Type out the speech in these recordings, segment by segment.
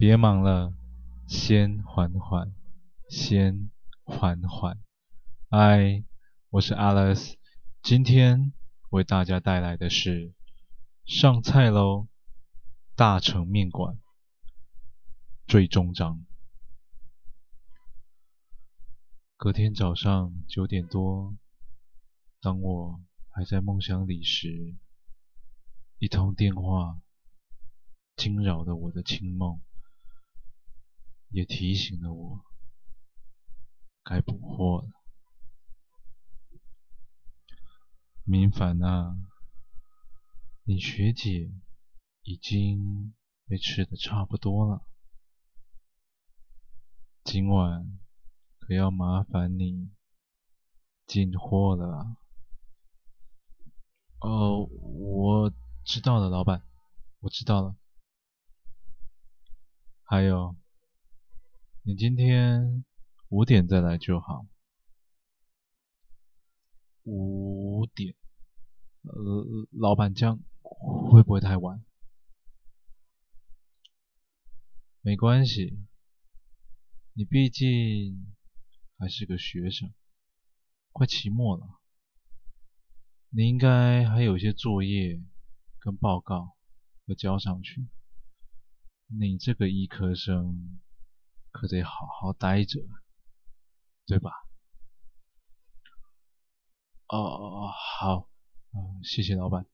別忙了，先緩緩，先緩緩。哎，我是 Alice。今天為大家帶來的是上菜嘍，大成麵館最終章。隔天早上九點多，當我還在夢鄉裡時，一通電話驚擾了我的清夢。也提醒了我該補貨了。明凡啊，你學姐已經被吃的差不多了，今晚可要麻煩你進貨了。哦、呃，我知道了，老闆，我知道了。還有。你今天五點再來就好。五點，呃，老板這樣會不會太晚？沒關係，你畢竟還是個學生，快期末了，你應該還有一些作業跟報告要交上去。你這個醫科生。可得好好待着，對吧？哦哦哦，好，嗯，謝謝老闆。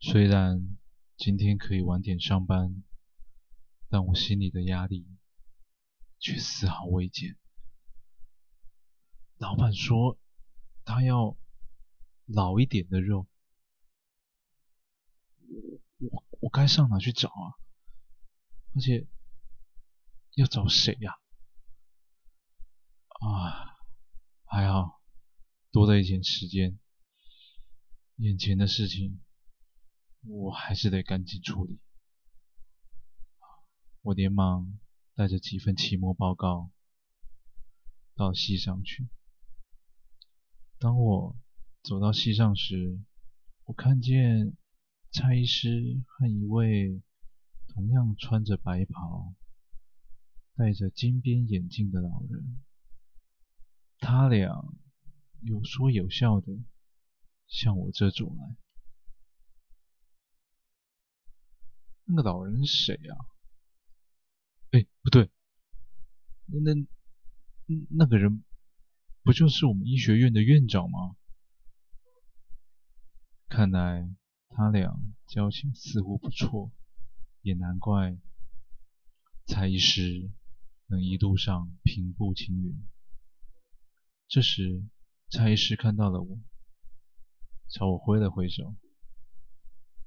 雖然今天可以晚點上班，但我心裡的壓力卻絲毫未減。老闆說他要老一點的肉，我我我該上哪去找啊？而且要找誰呀、啊？啊，還好，多了一點時間。眼前的事情，我還是得趕緊處理。我連忙帶着幾份期末報告到系上去。當我走到系上時，我看見蔡醫師和一位。同樣穿着白袍、戴着金邊眼鏡的老人，他倆有說有笑的，向我這走來……那個老人是誰啊？哎、欸，不對，那那……那個人不就是我們醫學院的院長嗎？看來他倆交情似乎不錯。也難怪，蔡醫師能一路上平步青雲。這時，蔡醫師看到了我，朝我揮了揮手：“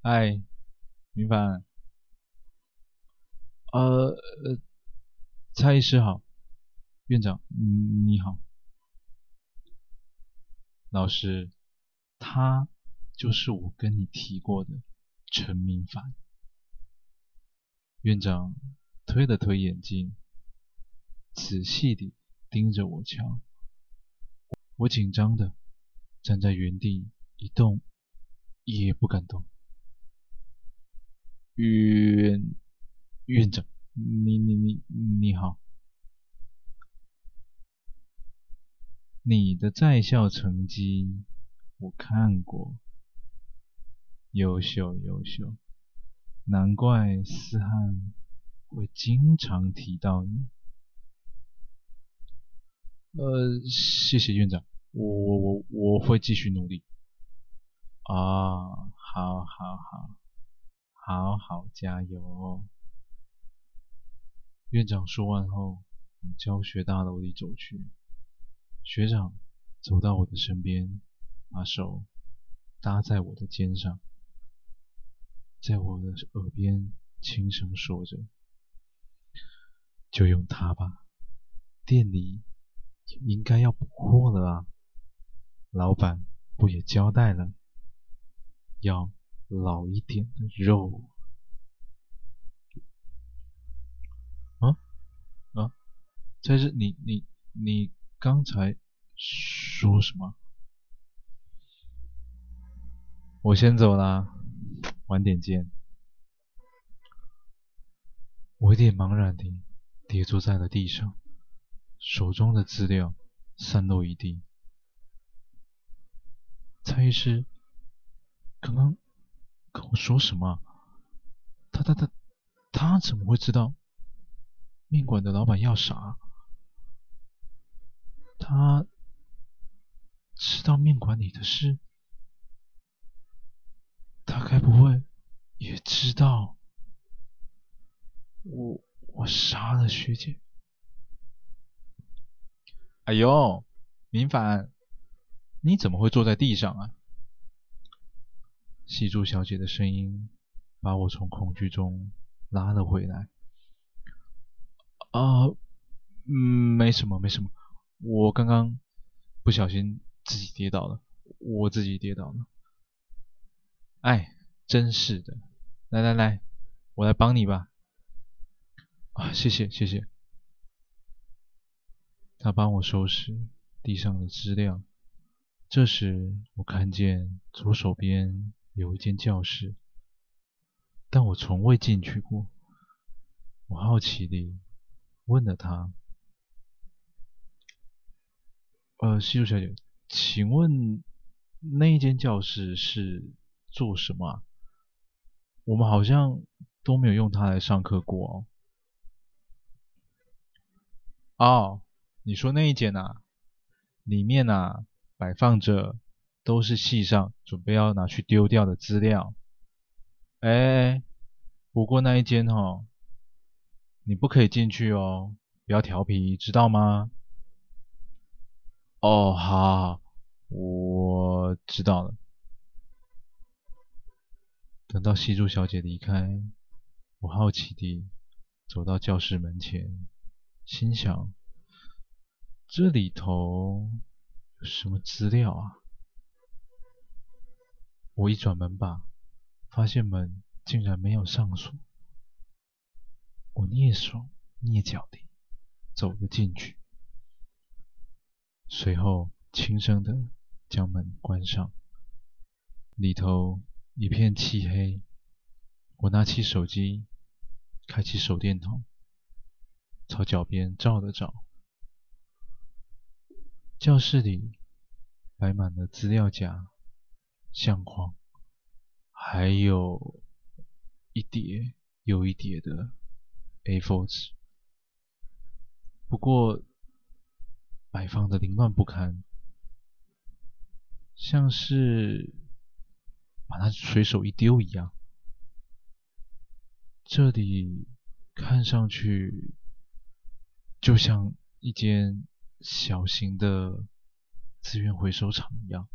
嗨、哎，明凡。”“呃，蔡醫師好。”“院長，你好。”“老師，他就是我跟你提過的陳明凡。”院長推了推眼鏡，仔細地盯着我瞧。我緊張地站在原地一動也不敢動。院院長，你你你你好。你的在校成績我看過，優秀優秀。難怪思翰會經常提到你。呃，謝謝院長，我我我我會繼續努力。啊，好，好，好，好，好，好好加油，哦。院長說完後，往教學大樓裡走去。學長走到我的身邊，把手搭在我的肩上。在我的耳邊輕聲說着：“就用他吧，店裡也應該要補貨了啊，老闆不也交代了，要老一點的肉。啊”嗯？啊？這是你你你剛才說什麼？我先走啦。晚點見。我一臉茫然的跌坐在了地上，手中的資料散落一地。蔡醫師，剛剛跟我說什麼啊？他他他，他怎麼會知道麵館的老闆要啥啊？他知道麵館裡的事？該不會也知道我我殺了學姐？哎呦，明凡，你怎麼會坐在地上啊？系助小姐的聲音把我從恐懼中拉了回來。啊、呃，沒什麼，沒什麼，我剛剛不小心自己跌倒了，我自己跌倒了，哎。真是的，來來來，我來幫你吧。啊，謝謝謝謝。他幫我收拾地上的資料。這時，我看見左手邊有一間教室，但我從未進去過。我好奇的問了他：“呃，系助小姐，請問那一間教室是做什麼啊？”我們好像都沒有用它來上課過哦。哦，你說那一間吶、啊？裡面吶、啊，擺放着都是系上準備要拿去丟掉的資料。哎，不過那一間哦。你不可以進去哦，不要調皮，知道嗎？哦，好，好，我知道了。等到系助小姐離開，我好奇地走到教室門前，心想：這裡頭有什麼資料啊？我一轉門把，發現門竟然沒有上鎖。我躡手躡腳地走了進去，隨後輕聲地將門關上，裡頭，一片漆黑，我拿起手機，開啟手電筒，朝腳邊照了照。教室裡擺滿了資料夾、相框，還有一疊又一疊的 A4 紙，不過擺放的凌亂不堪，像是……把它隨手一丟一樣，這裡看上去就像一間小型的資源回收場一樣。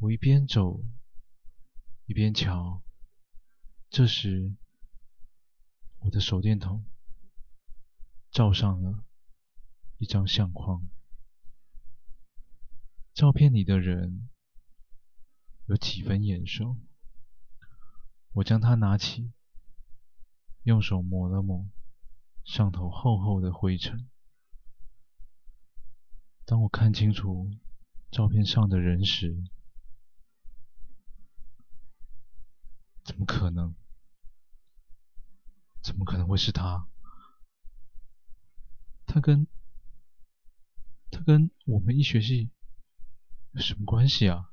我一邊走一邊瞧，這時我的手電筒照上了一張相框，照片裡的人。有幾分眼熟，我將它拿起，用手抹了抹上頭厚厚的灰塵。當我看清楚照片上的人時，怎麼可能？怎麼可能會是他？他跟他跟我們醫學系有什麼關係啊？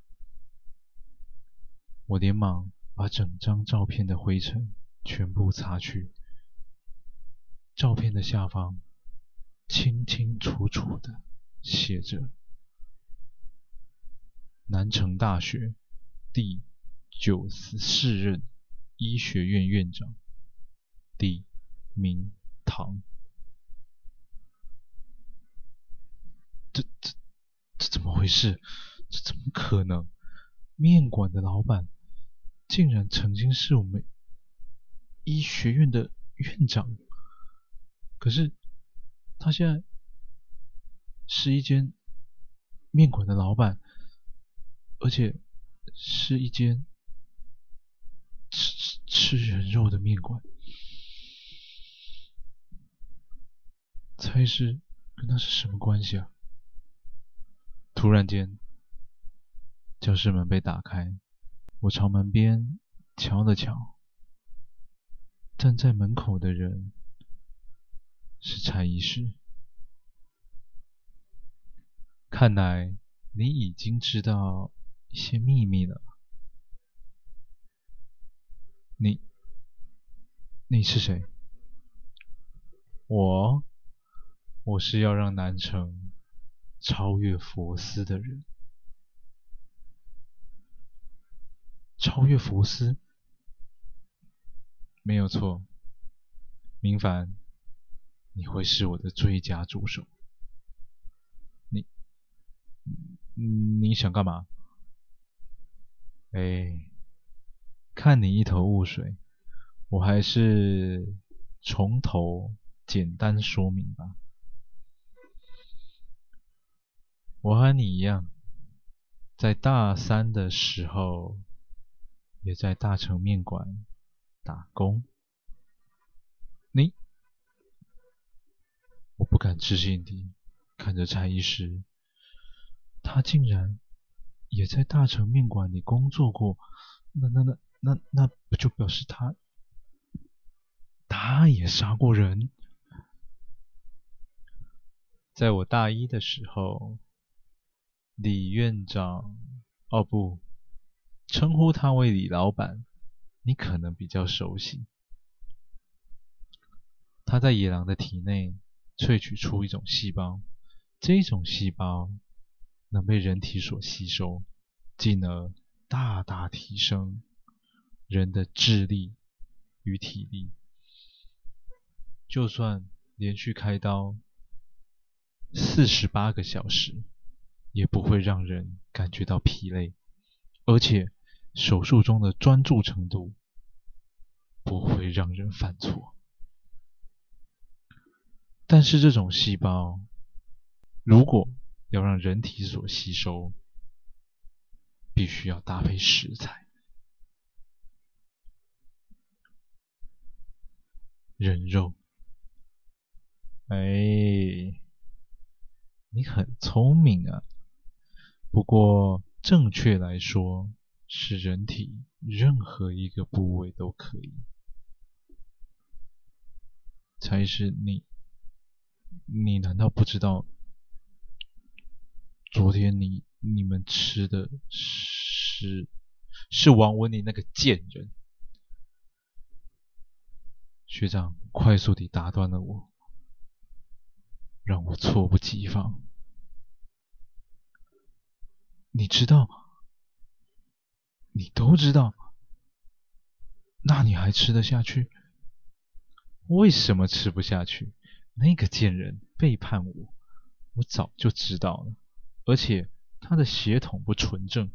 我連忙把整張照片的灰塵全部擦去，照片的下方清清楚楚的寫着“南成大學第九十四任醫學院院長李明棠”這。這這這怎麼回事？這怎麼可能？麵館的老闆。竟然曾經是我們醫學院的院長，可是他現在是一間麵館的老闆，而且是一間吃吃人肉的麵館。蔡醫師跟他是什麼關係啊？突然間，教室門被打開。我朝門邊瞧了瞧，站在門口的人是蔡醫師。看來你已經知道一些秘密了。你，你是誰？我，我是要讓南成超越佛斯的人。超越佛斯？沒有錯。明凡，你會是我的最佳助手。你，你想幹嘛？哎，看你一頭霧水，我還是從頭簡單說明吧。我和你一樣，在大三的時候。也在大成麵館打工。你！我不敢置信地看着蔡醫師，他竟然也在大成麵館裡工作過。那、那、那、那、那，不就表示他，他也殺過人？在我大一的時候，李院長，哦，不。稱呼他為李老闆，你可能比較熟悉。他在野狼的體內萃取出一種細胞，這種細胞能被人體所吸收，進而大大提升人的智力與體力。就算連續開刀四十八個小時，也不會讓人感覺到疲累，而且。手術中的專注程度不會讓人犯錯，但是這種細胞，如果要讓人體所吸收，必須要搭配食材。人肉。哎，你很聰明啊，不過正確來說，是人體任何一個部位都可以。才是你。你難道不知道？昨天你你們吃的是是王雯琳那個賤人。學長快速地打斷了我，讓我猝不及防。你知道嗎？你都知道嗎，那你還吃得下去？為什麼吃不下去？那個賤人背叛我，我早就知道了。而且他的血統不純正，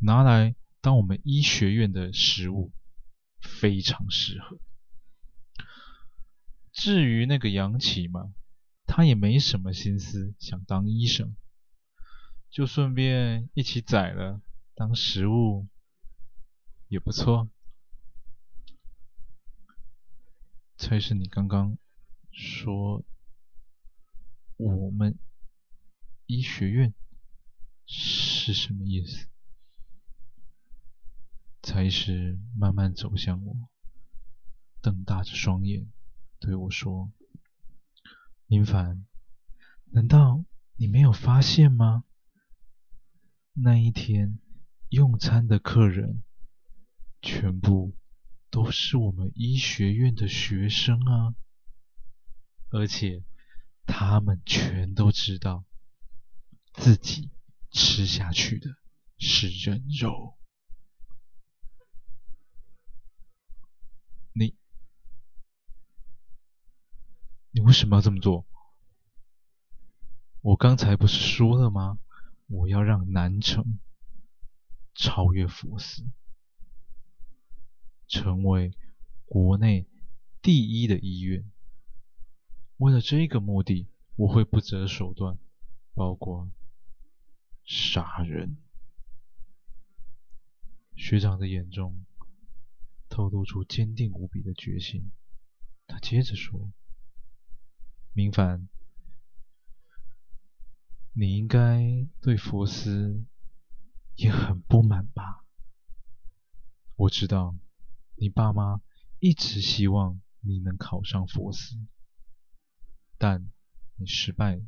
拿來當我們醫學院的食物非常適合。至於那個楊齊嘛？他也沒什麼心思想當醫生，就順便一起宰了，當食物。也不錯。才是你剛剛說，我們醫學院是什麼意思？才是慢慢走向我，瞪大着雙眼對我說：“明凡，難道你沒有發現嗎？那一天用餐的客人。”全部都是我們醫學院的學生啊，而且他們全都知道自己吃下去的是人肉。你，你為什麼要這麼做？我剛才不是說了嗎？我要讓南成超越佛斯。成為國內第一的醫院。為了這個目的，我會不擇手段，包括殺人。學長的眼中透露出堅定無比的決心。他接着說：“明凡，你應該對佛斯也很不滿吧？我知道。”你爸媽一直希望你能考上佛斯，但你失敗了。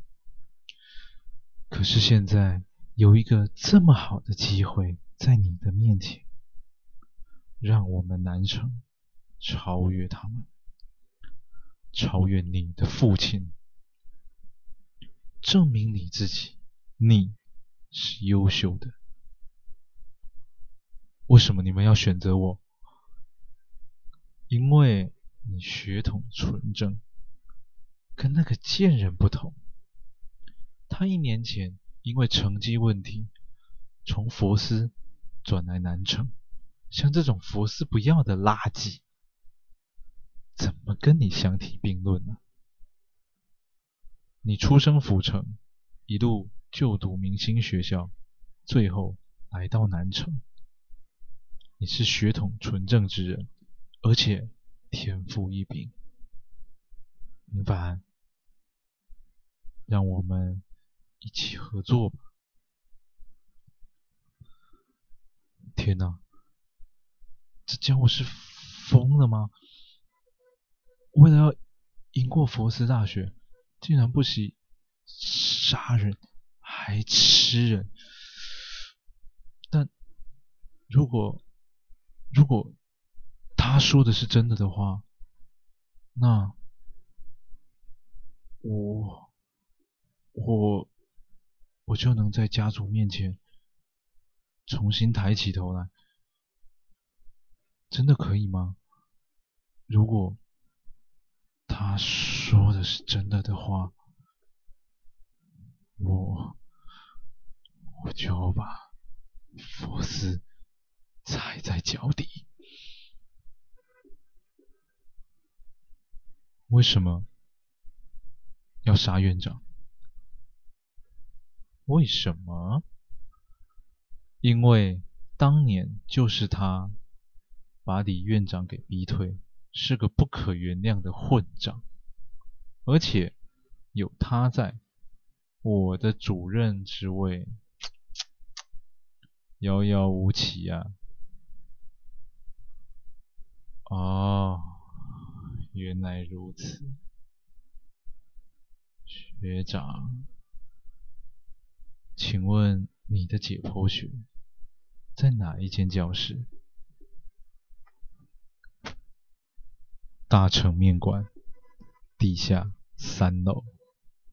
可是現在有一個這麼好的機會在你的面前，讓我們南成超越他們，超越你的父親，證明你自己，你是優秀的。為什麼你們要選擇我？因為你血統純正，跟那個賤人不同。她一年前因為成績問題，從佛斯轉來南成。像這種佛斯不要的垃圾，怎麼跟你相提並論呢？啊？你出生府城，一路就讀明星學校，最後來到南成。你是血統純正之人。而且天賦異稟，明凡，讓我們一起合作吧！天吶！這傢伙是瘋了嗎？為了要贏過佛斯大學，竟然不惜殺人還吃人！但如果，如果……他說的是真的的話，那我我我就能在家族面前重新抬起頭來，真的可以嗎？如果他說的是真的的話，我我就要把佛斯踩在腳底。為什麼要殺院長？為什麼？因為當年就是他把李院長給逼退，是個不可原諒的混賬。而且有他在，我的主任職位遙遙無期啊！啊、哦。原來如此，學長，請問你的解剖學在哪一間教室？大成麵館，地下三樓。